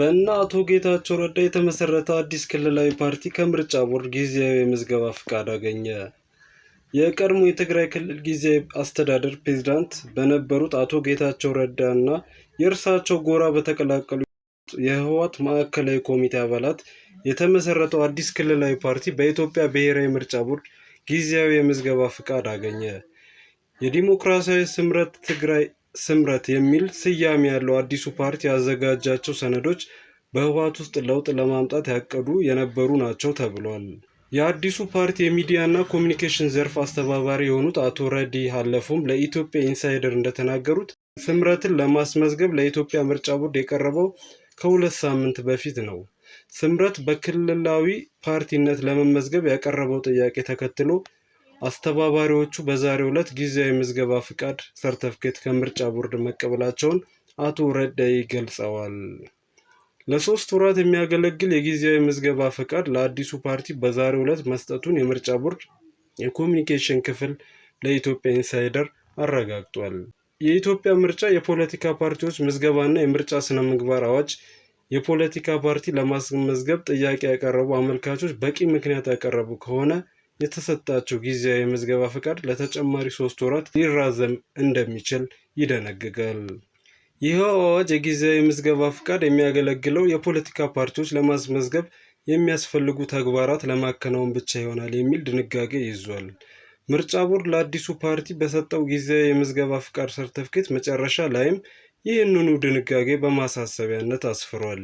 በእነ አቶ ጌታቸው ረዳ የተመሰረተ አዲስ ክልላዊ ፓርቲ ከምርጫ ቦርድ ጊዜያዊ የምዝገባ ፍቃድ አገኘ። የቀድሞ የትግራይ ክልል ጊዜያዊ አስተዳደር ፕሬዚዳንት በነበሩት አቶ ጌታቸው ረዳ እና የእርሳቸው ጎራ በተቀላቀሉ የህወሓት ማዕከላዊ ኮሚቴ አባላት የተመሰረተው አዲስ ክልላዊ ፓርቲ በኢትዮጵያ ብሔራዊ ምርጫ ቦርድ ጊዜያዊ የምዝገባ ፍቃድ አገኘ። የዲሞክራሲያዊ ስምረት ትግራይ ስምረት የሚል ስያሜ ያለው አዲሱ ፓርቲ ያዘጋጃቸው ሰነዶች በህወሓት ውስጥ ለውጥ ለማምጣት ያቀዱ የነበሩ ናቸው ተብሏል። የአዲሱ ፓርቲ የሚዲያና ኮሚኒኬሽን ዘርፍ አስተባባሪ የሆኑት አቶ ረዲ ሀለፎም ለኢትዮጵያ ኢንሳይደር እንደተናገሩት ስምረትን ለማስመዝገብ ለኢትዮጵያ ምርጫ ቦርድ የቀረበው ከሁለት ሳምንት በፊት ነው። ስምረት በክልላዊ ፓርቲነት ለመመዝገብ ያቀረበው ጥያቄ ተከትሎ አስተባባሪዎቹ በዛሬው ዕለት ጊዜያዊ ምዝገባ ፍቃድ ሰርተፍኬት ከምርጫ ቦርድ መቀበላቸውን አቶ ረዳይ ገልጸዋል። ለሶስት ወራት የሚያገለግል የጊዜያዊ ምዝገባ ፍቃድ ለአዲሱ ፓርቲ በዛሬው ዕለት መስጠቱን የምርጫ ቦርድ የኮሚኒኬሽን ክፍል ለኢትዮጵያ ኢንሳይደር አረጋግጧል። የኢትዮጵያ ምርጫ የፖለቲካ ፓርቲዎች ምዝገባና የምርጫ ስነ ምግባር አዋጅ የፖለቲካ ፓርቲ ለማስመዝገብ ጥያቄ ያቀረቡ አመልካቾች በቂ ምክንያት ያቀረቡ ከሆነ የተሰጣቸው ጊዜያዊ የምዝገባ ፈቃድ ለተጨማሪ ሶስት ወራት ሊራዘም እንደሚችል ይደነግጋል። ይህ አዋጅ የጊዜያዊ ምዝገባ ፈቃድ የሚያገለግለው የፖለቲካ ፓርቲዎች ለማስመዝገብ የሚያስፈልጉ ተግባራት ለማከናወን ብቻ ይሆናል የሚል ድንጋጌ ይዟል። ምርጫ ቦርድ ለአዲሱ ፓርቲ በሰጠው ጊዜያዊ የምዝገባ ፍቃድ ሰርተፍኬት መጨረሻ ላይም ይህንኑ ድንጋጌ በማሳሰቢያነት አስፍሯል።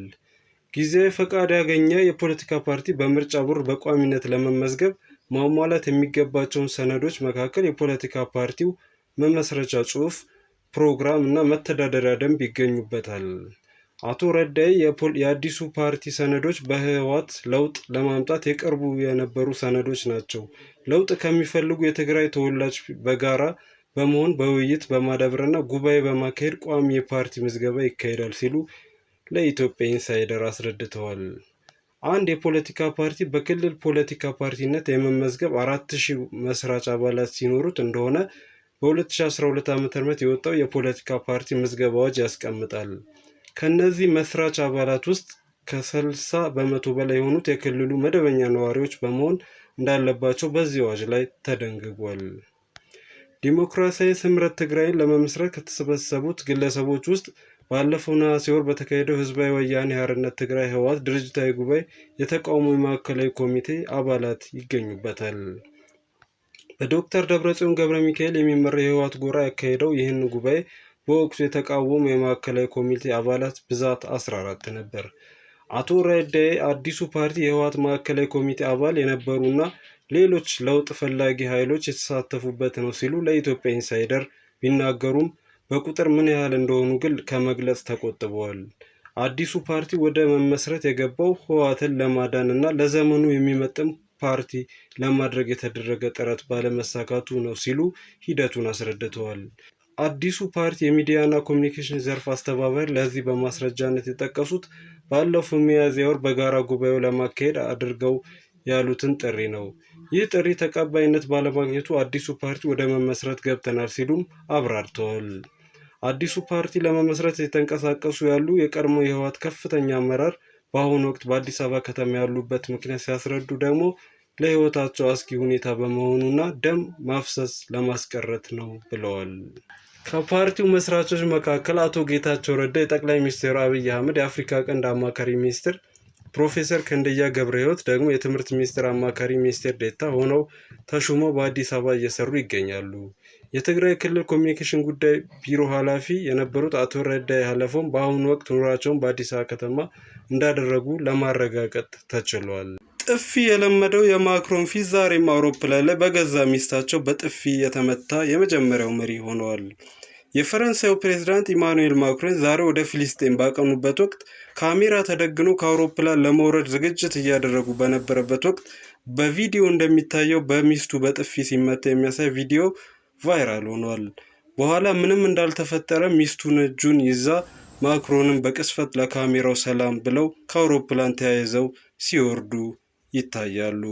ጊዜያዊ ፈቃድ ያገኘ የፖለቲካ ፓርቲ በምርጫ ቦርድ በቋሚነት ለመመዝገብ ማሟላት የሚገባቸውን ሰነዶች መካከል የፖለቲካ ፓርቲው መመስረቻ ጽሑፍ፣ ፕሮግራም እና መተዳደሪያ ደንብ ይገኙበታል። አቶ ረዳይ የአዲሱ ፓርቲ ሰነዶች በህወሓት ለውጥ ለማምጣት የቅርቡ የነበሩ ሰነዶች ናቸው። ለውጥ ከሚፈልጉ የትግራይ ተወላጅ በጋራ በመሆን በውይይት በማዳበርና ጉባኤ በማካሄድ ቋሚ የፓርቲ ምዝገባ ይካሄዳል ሲሉ ለኢትዮጵያ ኢንሳይደር አስረድተዋል። አንድ የፖለቲካ ፓርቲ በክልል ፖለቲካ ፓርቲነት የመመዝገብ አራት ሺህ መስራች አባላት ሲኖሩት እንደሆነ በ2012 ዓ ም የወጣው የፖለቲካ ፓርቲ ምዝገባ አዋጅ ያስቀምጣል። ከእነዚህ መስራች አባላት ውስጥ ከ60 በመቶ በላይ የሆኑት የክልሉ መደበኛ ነዋሪዎች በመሆን እንዳለባቸው በዚህ አዋጅ ላይ ተደንግጓል። ዲሞክራሲያዊ ስምረት ትግራይን ለመመስረት ከተሰበሰቡት ግለሰቦች ውስጥ ባለፈው ነሐሴ ወር በተካሄደው ህዝባዊ ወያኔ ሓርነት ትግራይ ህወሓት ድርጅታዊ ጉባኤ የተቃውሞ የማዕከላዊ ኮሚቴ አባላት ይገኙበታል። በዶክተር ደብረጽዮን ገብረ ሚካኤል የሚመራ የህወሓት ጎራ ያካሄደው ይህን ጉባኤ በወቅቱ የተቃወሙ የማዕከላዊ ኮሚቴ አባላት ብዛት 14 ነበር። አቶ ረዳኤ አዲሱ ፓርቲ የህወሓት ማዕከላዊ ኮሚቴ አባል የነበሩና ሌሎች ለውጥ ፈላጊ ኃይሎች የተሳተፉበት ነው ሲሉ ለኢትዮጵያ ኢንሳይደር ቢናገሩም በቁጥር ምን ያህል እንደሆኑ ግን ከመግለጽ ተቆጥበዋል። አዲሱ ፓርቲ ወደ መመስረት የገባው ህወሓትን ለማዳን እና ለዘመኑ የሚመጥን ፓርቲ ለማድረግ የተደረገ ጥረት ባለመሳካቱ ነው ሲሉ ሂደቱን አስረድተዋል። አዲሱ ፓርቲ የሚዲያና ኮሚኒኬሽን ዘርፍ አስተባባሪ ለዚህ በማስረጃነት የጠቀሱት ባለፈው ሚያዝያ ወር በጋራ ጉባኤው ለማካሄድ አድርገው ያሉትን ጥሪ ነው። ይህ ጥሪ ተቀባይነት ባለማግኘቱ አዲሱ ፓርቲ ወደ መመስረት ገብተናል ሲሉም አብራርተዋል። አዲሱ ፓርቲ ለመመስረት የተንቀሳቀሱ ያሉ የቀድሞ የህወሓት ከፍተኛ አመራር በአሁኑ ወቅት በአዲስ አበባ ከተማ ያሉበት ምክንያት ሲያስረዱ ደግሞ ለህይወታቸው አስጊ ሁኔታ በመሆኑና ደም ማፍሰስ ለማስቀረት ነው ብለዋል። ከፓርቲው መስራቾች መካከል አቶ ጌታቸው ረዳ የጠቅላይ ሚኒስትር አብይ አህመድ የአፍሪካ ቀንድ አማካሪ ሚኒስትር፣ ፕሮፌሰር ክንደያ ገብረ ህይወት ደግሞ የትምህርት ሚኒስትር አማካሪ ሚኒስትር ዴታ ሆነው ተሹመው በአዲስ አበባ እየሰሩ ይገኛሉ። የትግራይ ክልል ኮሚኒኬሽን ጉዳይ ቢሮ ኃላፊ የነበሩት አቶ ረዳይ ሀለፎም በአሁኑ ወቅት ኑሯቸውን በአዲስ አበባ ከተማ እንዳደረጉ ለማረጋገጥ ተችሏል። ጥፊ የለመደው የማክሮን ፊት ዛሬም አውሮፕላን ላይ በገዛ ሚስታቸው በጥፊ የተመታ የመጀመሪያው መሪ ሆነዋል። የፈረንሳዩ ፕሬዝዳንት ኢማኑኤል ማክሮን ዛሬ ወደ ፊሊስጤን ባቀኑበት ወቅት ካሜራ ተደግኖ ከአውሮፕላን ለመውረድ ዝግጅት እያደረጉ በነበረበት ወቅት በቪዲዮ እንደሚታየው በሚስቱ በጥፊ ሲመታ የሚያሳይ ቪዲዮ ቫይራል ሆኗል። በኋላ ምንም እንዳልተፈጠረ ሚስቱን እጁን ይዛ ማክሮንም በቅስፈት ለካሜራው ሰላም ብለው ከአውሮፕላን ተያይዘው ሲወርዱ ይታያሉ።